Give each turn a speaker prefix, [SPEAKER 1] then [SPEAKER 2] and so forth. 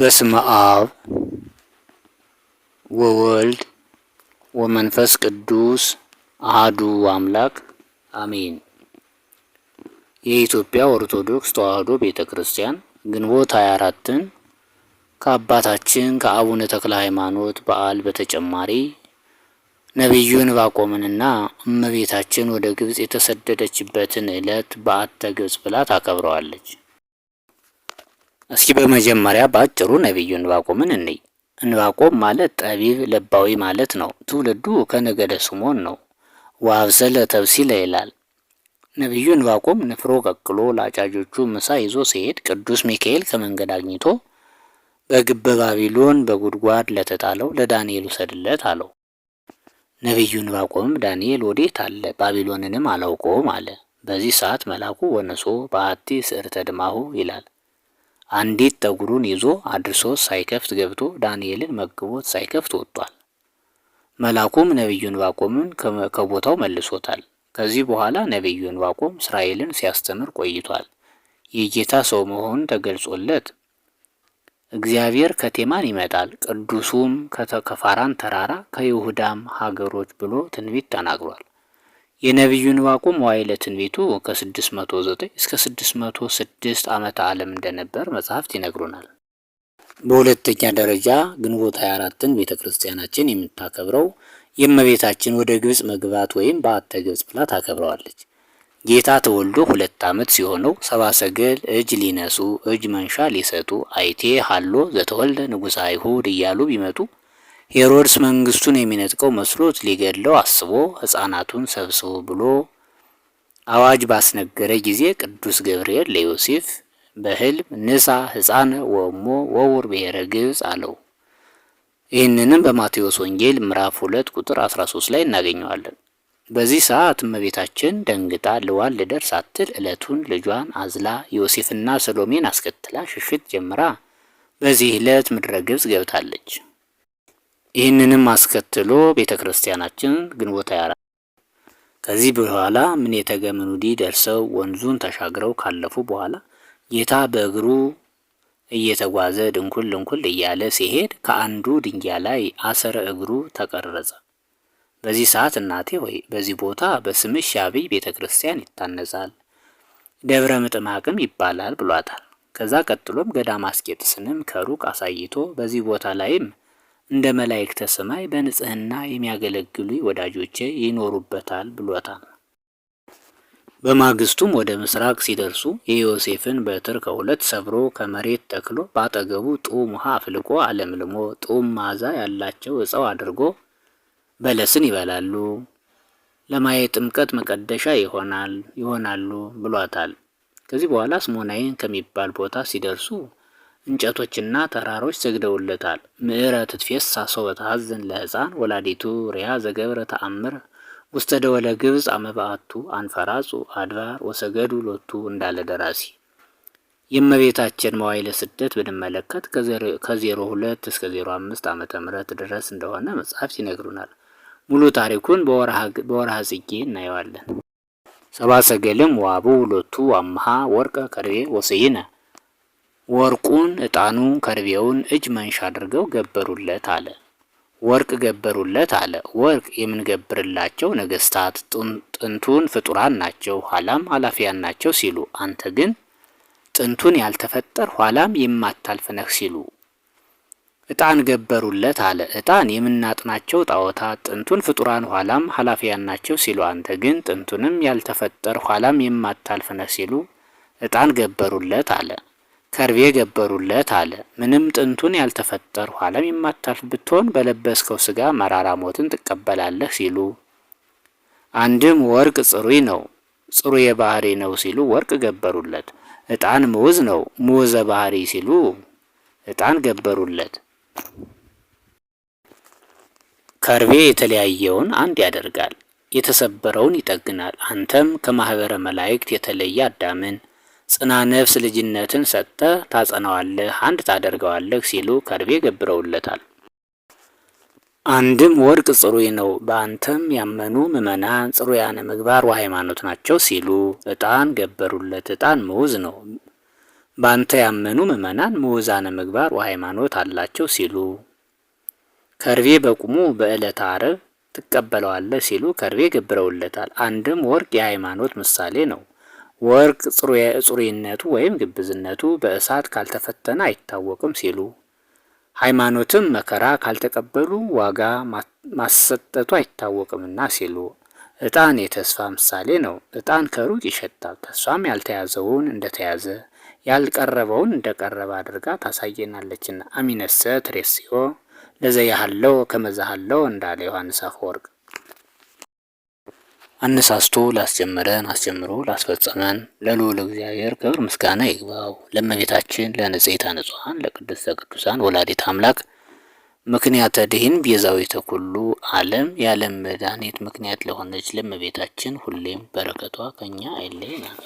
[SPEAKER 1] በስመ አብ ወወልድ ወመንፈስ ቅዱስ አህዱ አምላክ አሜን። የኢትዮጵያ ኦርቶዶክስ ተዋሕዶ ቤተ ክርስቲያን ግንቦት 24ን ከአባታችን ከአቡነ ተክለ ሃይማኖት በዓል በተጨማሪ ነቢዩን ባቆምንና እመቤታችን ወደ ግብፅ የተሰደደችበትን ዕለት በአተ ግብፅ ብላ ታከብረዋለች። እስኪ በመጀመሪያ በአጭሩ ነቢዩ እንባቆምን እንይ። እንባቆም ማለት ጠቢብ ልባዊ ማለት ነው። ትውልዱ ከነገደ ስሞን ነው። ወአብሰለ ተብሲለ ይላል። ነቢዩ እንባቆም ንፍሮ ቀቅሎ ለአጫጆቹ ምሳ ይዞ ሲሄድ ቅዱስ ሚካኤል ከመንገድ አግኝቶ በግበ ባቢሎን በጉድጓድ ለተጣለው ለዳንኤል ውሰድለት አለው። ነቢዩ እንባቆምም ዳንኤል ወዴት አለ? ባቢሎንንም አላውቀውም አለ። በዚህ ሰዓት መልአኩ ወነሶ በአቲ ስዕርተ ድማሁ ይላል። አንዲት ጠጉሩን ይዞ አድርሶ ሳይከፍት ገብቶ ዳንኤልን መግቦት ሳይከፍት ወጥቷል። መልአኩም ነቢዩ ዕንባቆምን ከቦታው መልሶታል። ከዚህ በኋላ ነቢዩ ዕንባቆም እስራኤልን ሲያስተምር ቆይቷል። የጌታ ሰው መሆኑን ተገልጾለት እግዚአብሔር ከቴማን ይመጣል፣ ቅዱሱም ከፋራን ተራራ ከይሁዳም ሀገሮች ብሎ ትንቢት ተናግሯል። የነቢዩ ዕንባቆም መዋዕለ ትንቢቱ ከ609 እስከ 606 ዓመተ ዓለም እንደነበር መጽሐፍት ይነግሩናል። በሁለተኛ ደረጃ ግንቦት 24ን ቤተ ክርስቲያናችን የምታከብረው የእመቤታችን ወደ ግብፅ መግባት ወይም በአተ ግብፅ ብላ ታከብረዋለች። ጌታ ተወልዶ ሁለት ዓመት ሲሆነው ሰባ ሰገል እጅ ሊነሱ እጅ መንሻ ሊሰጡ አይቴ ሀሎ ዘተወልደ ንጉሠ አይሁድ እያሉ ቢመጡ ሄሮድስ መንግስቱን የሚነጥቀው መስሎት ሊገድለው አስቦ ሕፃናቱን ሰብስቦ ብሎ አዋጅ ባስነገረ ጊዜ ቅዱስ ገብርኤል ለዮሴፍ በህልም ንሳ ሕፃነ ወሞ ወውር ብሔረ ግብፅ አለው። ይህንንም በማቴዎስ ወንጌል ምዕራፍ ሁለት ቁጥር 13 ላይ እናገኘዋለን። በዚህ ሰዓት እመቤታችን ደንግጣ ልዋን ልደርስ አትል ዕለቱን ልጇን አዝላ ዮሴፍና ሰሎሜን አስከትላ ሽሽት ጀምራ በዚህ ዕለት ምድረ ግብፅ ገብታለች። ይህንንም አስከትሎ ቤተ ክርስቲያናችን ግንቦት ያራ ከዚህ በኋላ ምኔተ ገመኑዲ ደርሰው ወንዙን ተሻግረው ካለፉ በኋላ ጌታ በእግሩ እየተጓዘ ድንኩል ድንኩል እያለ ሲሄድ ከአንዱ ድንጋይ ላይ አሰረ እግሩ ተቀረጸ። በዚህ ሰዓት እናቴ ሆይ በዚህ ቦታ በስምሽ አብይ ቤተ ክርስቲያን ይታነጻል፣ ደብረ ምጥማቅም ይባላል ብሏታል። ከዛ ቀጥሎም ገዳም ስንም ከሩቅ አሳይቶ በዚህ ቦታ ላይም እንደ መላእክተ ሰማይ በንጽህና የሚያገለግሉ ወዳጆቼ ይኖሩበታል ብሎታል። በማግስቱም ወደ ምስራቅ ሲደርሱ የዮሴፍን በትር ከሁለት ሰብሮ ከመሬት ተክሎ በአጠገቡ ጡም ውሃ አፍልቆ አለምልሞ ጡም ማዛ ያላቸው እፀው አድርጎ በለስን ይበላሉ፣ ለማየት ጥምቀት መቀደሻ ይሆናል ይሆናሉ ብሏታል። ከዚህ በኋላ ስሞናይን ከሚባል ቦታ ሲደርሱ እንጨቶችና ተራሮች ሰግደውለታል። ምዕረት ትፌሳ ሶበ ተሐዘን ለሕፃን ወላዲቱ ሪያ ዘገብረ ተአምር ውስተ ደወለ ግብፅ አመባአቱ አንፈራጹ አድባር ወሰገዱ ሎቱ እንዳለ ደራሲ የእመቤታችን መዋይለ ስደት ብንመለከት ከዜሮ ሁለት እስከ ዜሮ አምስት ዓመተ ምህረት ድረስ እንደሆነ መጽሐፍት ይነግሩናል። ሙሉ ታሪኩን በወርሃ ጽጌ እናየዋለን። ሰባ ሰገልም ዋቡ ሎቱ አምሃ ወርቀ ከርቤ ወሰይነ ወርቁን፣ እጣኑን ከርቤውን እጅ መንሻ አድርገው ገበሩለት አለ። ወርቅ ገበሩለት አለ። ወርቅ የምንገብርላቸው ነገስታት ጥንቱን ፍጡራን ናቸው፣ ኋላም ኃላፊያን ናቸው ሲሉ፣ አንተ ግን ጥንቱን ያልተፈጠር ኋላም የማታልፍ ነህ ሲሉ እጣን ገበሩለት አለ። እጣን የምናጥናቸው ጣዖታት ጥንቱን ፍጡራን ኋላም ኃላፊያን ናቸው ሲሉ፣ አንተ ግን ጥንቱንም ያልተፈጠር ኋላም የማታልፍ ነህ ሲሉ እጣን ገበሩለት አለ። ከርቤ ገበሩለት አለ። ምንም ጥንቱን ያልተፈጠር ኋላም የማታልፍ ብትሆን በለበስከው ስጋ መራራ ሞትን ትቀበላለህ ሲሉ፣ አንድም ወርቅ ጽሩይ ነው ጽሩ ባህሪ ነው ሲሉ ወርቅ ገበሩለት። እጣን ምውዝ ነው ምውዘ ባህሪ ሲሉ እጣን ገበሩለት። ከርቤ የተለያየውን አንድ ያደርጋል፣ የተሰበረውን ይጠግናል። አንተም ከማህበረ መላእክት የተለየ አዳምን ጽና ነፍስ ልጅነትን ሰጥተ ታጸናዋለህ አንድ ታደርገዋለህ ሲሉ ከርቤ ገብረውለታል። አንድም ወርቅ ጽሩይ ነው፣ በአንተም ያመኑ ምዕመናን ጽሩያነ ምግባር ወሃይማኖት ናቸው ሲሉ እጣን ገበሩለት። እጣን ምውዝ ነው፣ በአንተ ያመኑ ምዕመናን ምዑዛነ ምግባር ወሃይማኖት አላቸው ሲሉ ከርቤ በቁሙ በዕለተ ዓርብ ትቀበለዋለህ ሲሉ ከርቤ ገብረውለታል። አንድም ወርቅ የሃይማኖት ምሳሌ ነው። ወርቅ ጽሩይነቱ ወይም ግብዝነቱ በእሳት ካልተፈተነ አይታወቅም ሲሉ ሃይማኖትም መከራ ካልተቀበሉ ዋጋ ማሰጠቱ አይታወቅምና ሲሉ እጣን የተስፋ ምሳሌ ነው። እጣን ከሩቅ ይሸጣል። ተስፋም ያልተያዘውን እንደተያዘ ያልቀረበውን እንደቀረበ አድርጋ ታሳየናለችና አሚነሰ ትሬስዮ ለዘያሃለው ከመዛሃለው እንዳለ ዮሐንስ አፈወርቅ አነሳስቶ ላስጀመረን አስጀምሮ ላስፈጸመን ለልዑል እግዚአብሔር ክብር ምስጋና ይግባው። ለእመቤታችን ለንጽሕተ ንጹሐን ለቅድስተ ቅዱሳን ወላዲት አምላክ ምክንያተ ድኅን ቤዛዊተ ኩሉ ዓለም የዓለም መድኃኒት ምክንያት ለሆነች ለእመቤታችን ሁሌም በረከቷ ከኛ አይለየን።